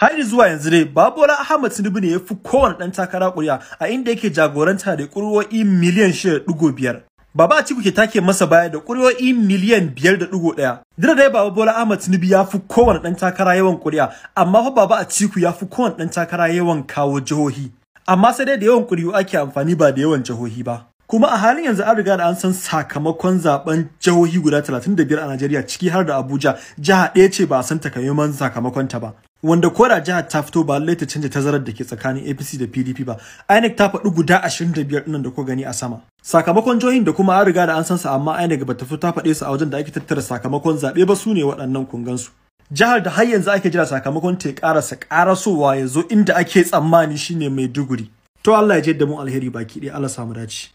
har zuwa yanzu dai babola ahmad tinubu ne ya fi kowane ɗan takara ƙuri'a a inda yake jagoranta da kuriyoyi miliyan shida ɗigo biyar Baba Atiku ke take masa baya da kuriyoyi miliyan biyar da 5.1. Dira dai Baba Bola Ahmad Tinubu ya fi kowane ɗan takara yawan ƙuri'a, amma fa Baba Atiku ya fi kowane ɗan takara yawan kawo jihohi. Amma sai dai da yawan ƙuri'u ake amfani ba da yawan jihohi ba. kuma a halin yanzu an riga da an san sakamakon zaben jihohi guda 35 a Najeriya ciki har da Abuja jiha ɗaya ce ba a san takamaiman sakamakon ta ba wanda da jihar ta fito ba lallai ta canja tazarar da ke tsakanin APC da PDP ba INEC ta faɗi guda 25 ɗin da ko gani a sama sakamakon jihohin da kuma an riga da an san sa amma INEC ba ta fito ta faɗe su a wajen da ake tattara sakamakon zaɓe ba su ne waɗannan kungansu jihar da har yanzu ake jira sakamakon ta ƙarasa ƙarasowa ya zo inda ake tsammani shine Maiduguri to Allah ya je da mu alheri baki ɗaya Allah samu dace